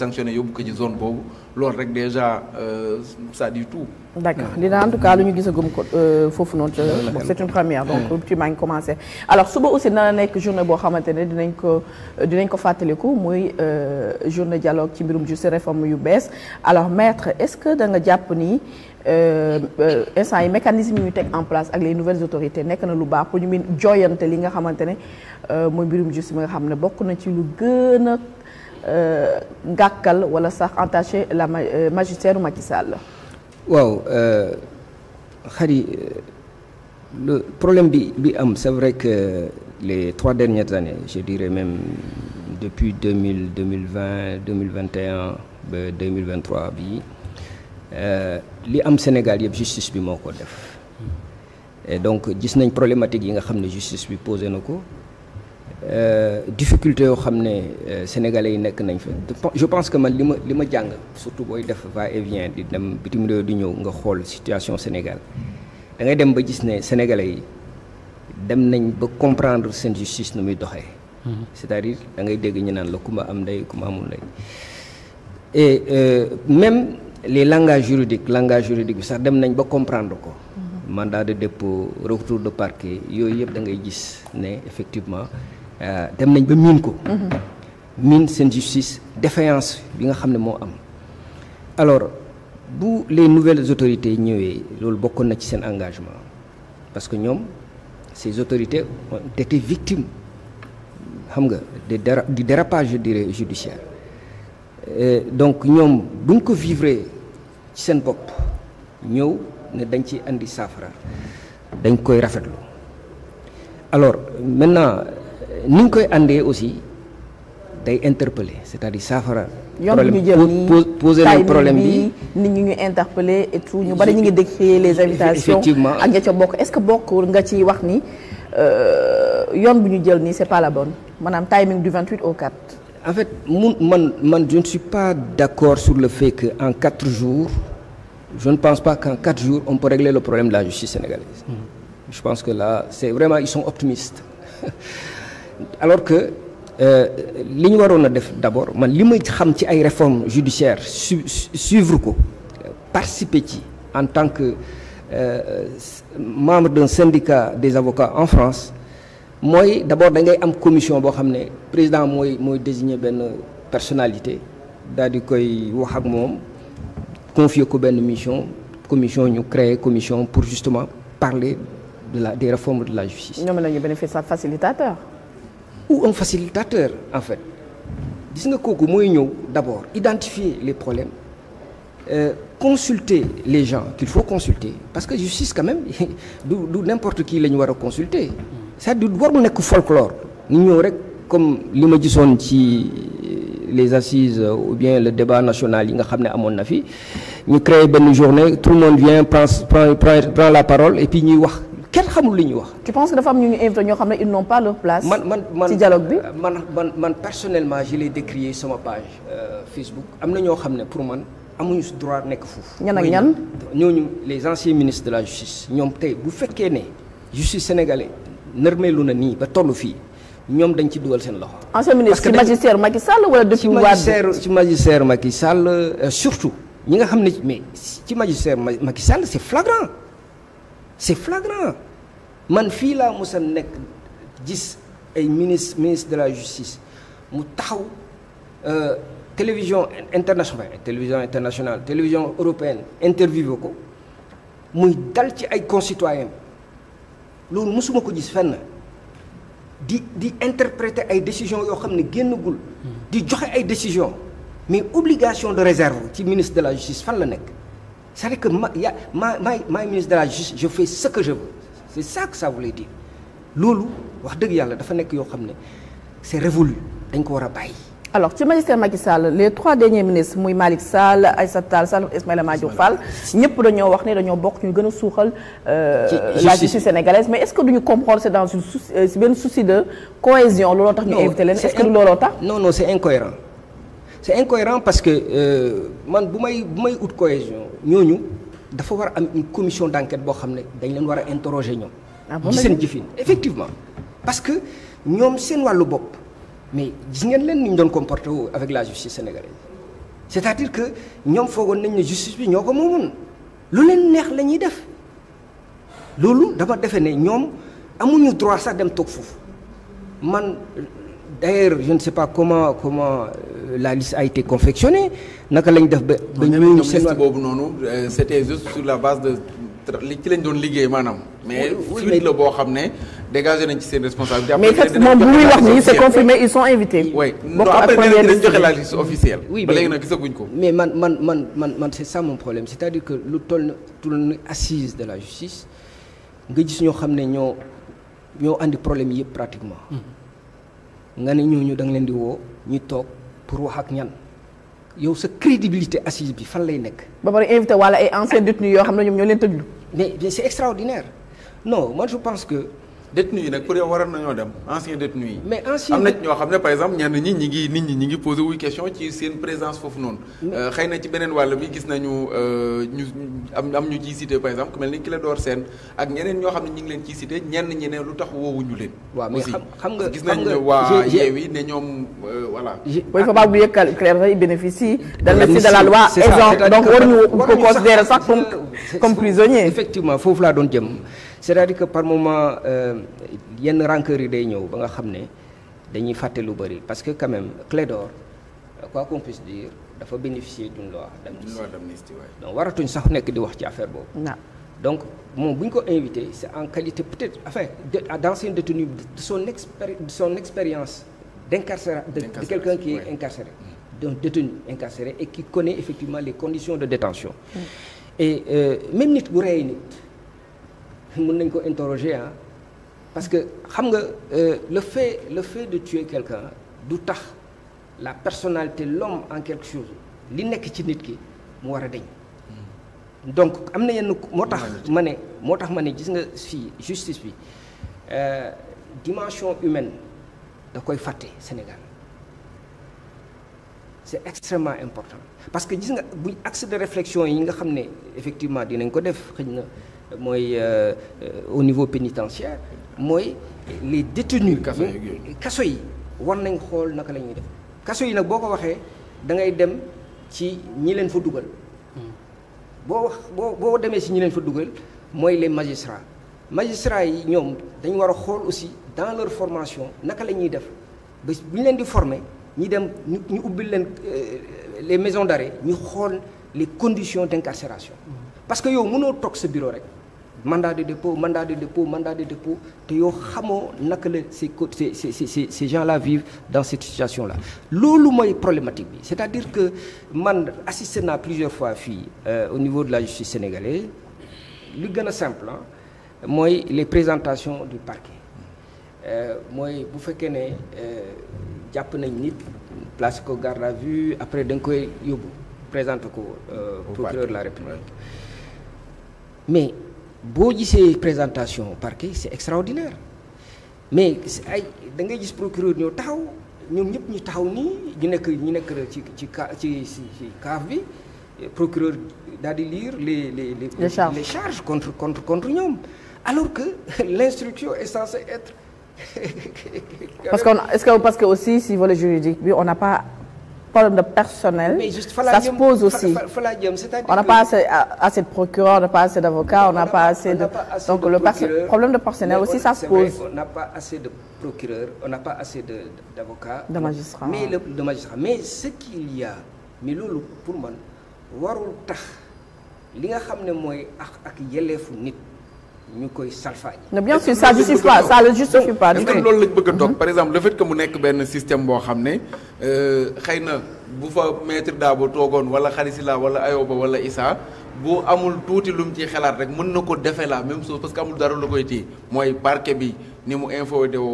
sanctionné yóbbu ko ci zone boobu loolu rek déjà euh, ça dit tout. d'accord dina en tout cas lu ñu gisagum ko euh, foofu noonu. bon mm. maa ngi commencé. alors suba aussi dana nekk journée boo xamante ne dinañ ko dinañ ko fàttaliku muy euh, journée dialogue ci mbirum justice yu bees alors maître est-ce que da nga jàpp ni instant yi mécanisme yi ñu teg en place ak les nouvelles autorités nekk na lu baax pour ñu mën li nga xamante ne mooy mbirum justice bi nga xam ne bokk na ci lu Euh, gàkkal wala sax entaché la euh, magistère Macky Sall waaw xari euh, le problème bi bi am c'est vrai que les trois dernières années je dirais même depuis 2000 deux mille ba 2023 bi li am Sénégal yëpp justice bi moo ko def et donc gis nañ problématique yi nga xam ne justice bi posé na ko Euh, difficulté yoo xam ne euh, sénégalais yi nekk nañ fa je pense que man li ma li ma jàng surtout booy def va et vient di dem bitim réew di ñëw nga xool situation Sénégal da ngay dem ba gis ne sénégalais yi dem nañ ba comprendre seen justice nu muy doxee mhm. c'est-à-dire da ngay dégg ñu naan la ku ma am ndey ku ma amul ndey et euh, même les langages juridiques langage juridique bi sax dem nañ ba comprendre ko mhm. mandat de dépôt retour de parquet yooyu yëpp da ngay gis ne effectivement Euh, dem nañ ba miin ko. miin seen justice défaillance bi nga xam ne moo am. alors bu les nouvelles autorités ñëwee loolu bokkoon na ci seen engagement parce que ñoom ces autorités ont été xam nga de déra di dérapage je dirais judiciaire Et euh, donc ñoom buñ ko vivre ci seen bopp ñëw ne dañ ci indi saafara dañ koy rafetlu alors maintenant. ni nga koy àndee aussi day interpeller c'est-à-dire saafara. problème pose poser leen problème bi nit ñi ñu interpeller et tout ñu bari ñu ngi décrier les invitations. effectivement ak nga ca bokk est-ce que bokk nga ci wax ni euh, yoon bu ñu jël nii c'est pas la bonne maanaam timing du 28 au 4. en fait mun man man je ne suis pas d'accord sur le fait que en quatre jours je ne pense pas qu'en quatre jours on peut régler le problème de la justice sénégalaise. Mmh. je pense que là c'est vraiment ils sont optimistes. alors que euh, li ñu waroon a def d'abord man li may xam ci ay réformes judiciaires su suivre ko participer ci en tant que euh, membre d'un syndicat des avocats en France mooy d'abord da ngay am commission boo xam ne président mooy mooy désigner benn personnalité daal di koy wax ak moom confier ko benn mission commission ñu créer commission pour justement parler de la des réformes de la justice. ñoom la ñu bénéficier facilitateur. ou un facilitateur en fait gis nga kooku mooy ñëw d'abord identifier les problèmes euh, consulter les gens qu'il faut consulter parce que justice quand même du du n'importe qui la ñu war a consulter c'est-à-dire nekk folklore ñu ñëw rek comme li ma gisoon ci euh, les assises euh, ou bien le débat national yi nga xam ne amoon na fi ñu créer benn journée tout le monde vient prend prend prend la parole et puis ñuy wax kenn xamul li ñuy wax. tu penses que dafa am ñu ñu invité ñoo xam ne pas leur place. man man man ci dialogue bi euh, man man man personnellement je l'ai décrié sama page euh, Facebook am na ñoo xam ne pour man amuñu droit nekk foofu. ñan ak ñan ñooñu les anciens ministres de la justice ñoom tey bu fekkee ne justice sénégalais nërmeelu na nii ba tollu fii. ñoom dañ ci dugal seen loxo. ancien ministre ci magistère Macky Sall wala depuis Wade ci magistère Macky Sall surtout ñi nga xam ne mais ci magistère Macky Sall c'est flagrant. c'est flagrant man fii laa mos a nekk gis ay ministre ministre de la justice mu taxaw euh, télévision internationale eh, télévision internationale télévision européenne interviewé ko muy dal ci ay concitoyens loolu mosuma ko gis fenn di di interpréter ay décisions yoo xam ne génnagul hmm. di joxe ay décisions mais obligation de réserve ci ministre de la justice fan la nekk cest à que ma ya ma maay maay ministre de la justice je fais ce que je veux c'est ça que ça voulait dire loolu wax dëgg yàlla dafa nekk yoo xam ne c'est révolu dañ ko war a bàyyi. alors ci magistère Macky Sall les trois derniers ministres muy Malick sa Aïssata Tall Sall Ismaïla Madior Fall ñëpp dañoo wax ne dañoo bokk ñu gën a suuxal euh, la justice sénégalaise mais est-ce que duñu comprendre c'est dans une souci euh, cohésion looloo tax ñu invité leen est-ce que looloo tax non non c'est c'est incohérent parce que euh, man bu may bu may ut cohésion ñooñu dafa war a am une commission d'enquête boo xam ne dañ leen war a interroger ñoom. Ah ci seen jëfin effectivement. parce que ñoom seen wàllu bopp mais gis ngeen leen ni ñu doon comporté wu avec la justice sénégalaise c'est-à-dire que ñoom foogoon nañ ne justice bi ñoo ko moomoon lu leen neex la ñuy def loolu dama defe ne ñoom amuñu droit sax dem toog foofu man. d'ailleurs je ne sais pas comment comment euh, la liste a été confectionnée naka lañ def ba. ba ñoom liste boobu noonu euh, c'était juste sur la base de li ci lañ doon liggéey maanaam. mais suite la boo xam ne dégagé nañ ci seen responsabilité. mais fekk moom bu muy wax nii c'est confirmé ils sont invités. oui non après man man man c'est ça mon problème c'est-à-dire que lu toll toll assise de la justice nga gis ñoo xam ne ñoo ñoo andi problème yëpp pratiquement. Hmm. nga ne ñooñu da nga leen di woo ñu toog pour wax ak ñan yow sa crédibilité assise bi fan lay nekk. ba pare invité walla ay anciens détenus yoo xam ne ñoom ñoo leen tëjlu. mais c'est extraordinaire non moi je pense que. détenu yi nag pour yow waroon nañoo dem ancien détenu yi. mais ancien am na ñoo xam ne par exemple ñenn ñi ñi ngi nit ñi ñi ngi posé wuy question ci seen présence foofu noonu. Euh, xëy na ci beneen wàll bi gis nañu euh, ñu am am ñu ciy cité par exemple ku mel ni Clédor Sène ak ñeneen ñoo xam ne ñu ngi leen ci cité ñenn ñi ne lu tax woowuñu leen. waaw mais xam nga gis nañ ne waa Yewwi ne ñoom euh, voilà. booy fa baax bu yëkkal Clédor Sène bénéficie. bénéficie de la loi aisance foofu laa doon jëm c'est-à-dire que par moment euh, yenn rancœur yi day ñëw ba nga xam ne dañuy fàtte lu bëri parce que quand même Clédor quoi qu'on puisse dafa bénéficier d'une loi d'amnistie donc waratuñ sax nekk di wax ci affaire boobu donc moom bu ñu ko invité c'est en qualité peut-être enfin d'ancien détenu de son expéri de son expérience d'incarcéra de, de quelqu'un qui oui. est incarcéré mm. d'un détenu et qui connaît effectivement les conditions de détention mm. et euh, nit bu rey nit mën nañ ko interroger parce que xam nga euh, le fait le fait de tuer quelqu'un du tax la personnalité l'homme en quelque chose li nekk ci nit ki mu war a deñ hmm. donc am na yenn moo tax ma ne moo tax ma ne gis nga fii justice bi euh, dimension humaine da koy fàtte Sénégal c'est extrêmement important parce que gis nga bu axe de réflexion yi nga xam ne effectivement dinañ ko def xëy na mooy euh, euh, au niveau pénitentiaire mooy les détenus kaso yi war nañ xool naka lañuy ñuy def kaso yi nag boo ko waxee da ngay dem ci ñi leen fa dugal hmm. boo wax boo boo demee ci ñi leen fa dugal mooy les magistrats magistrats yi ñoom dañu war a xool aussi dans leur formation naka la ñuy def ba bu ñu leen di former ñi dem ñu ñu ubbil leen euh, les maisons d'arrêt ñu xool les conditions d'incarcération hmm. parce que yow mënoo toog sa bureau rek mandat de dépôt mandat de dépôt mandat de dépôt te yow xamoo naka la ces ces ces ces gens la vivent dans cette situation là. loolu mooy problématique bi c'est-à-dire que man assisté naa plusieurs fois fii euh, au niveau de la justice sénégalaise lu gën a simple mooy les présentations du parquet euh, mooy bu fekkee ne euh, jàpp nañ nit place ko garde à vue après da nga koy yóbbu présente ko euh, procureur de la République mais. boo gisee présentation parquet c'est extraordinaire mais ay da ngay gis procureur ñëw taxaw ñoom ñëpp ñu taxaw nii ñu nekk ñu nekk ci ci ci ci CAF bi procureur daal di lire les les les, les, charges. les charges contre contre alors que l'instruction est censée être parce que que parce que aussi si volet juridique bi on n'a pas problème de personnel. Mais se pose aussi. on n'a pas assez, assez de procureurs, on n'a pas assez d'avocats, on n'a pas assez de. Pas assez problème de personnel aussi, on n'a pas assez de procureurs, on n'a pas assez d'avocats. De, de Mais, ce qu'il y a, mais loolu pour man warul tax li nga xam ne mooy ak ak nit. ñu koy salfaañ. mais bien sûr ça justifie pas ça le justifie pas. lañ bëgg a toog mm-hmm. par exemple le fait que mu nekk benn système boo xam ne euh, xëy na bu fa maître Dabo toogoon wala Khalisila wala Ayoba wala Issa bu amul tuuti lu mu ciy xalaat rek mën na ko defee la même chose parce que amul dara lu koy téye mooy parke bi. ni mu info au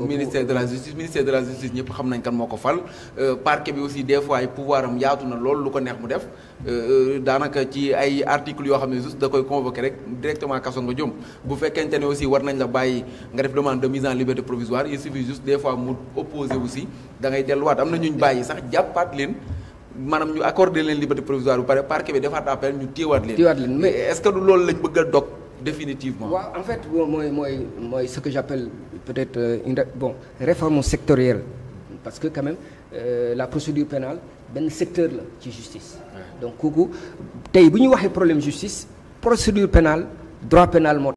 au ministère de la justice ministère de la justice ñëpp xam nañ kan moo ko fal euh, parquet bi aussi des fois na lool lu ko neex mu def euh, euh, daanaka yoo xam ne juste da koy convoqué rek directement kaso nga nañ la bàyyi nga def demande de mise en liberté provisoire il am na ñu ñu bàyyi sax jàppaat leen. maanaam ñu accordé defaat appel ñu téewaat leen. téewaat leen mais loolu lañ bëgg dog définitivement. waaw en fait mooy mooy mooy ce que j'appelle peut-être euh, une bon réforme sectorielle parce que quand même euh, la procédure pénal benn secteur la ci justice. Ouais. donc kooku tey bu ñu waxee problème justice procédure pénale droit pénal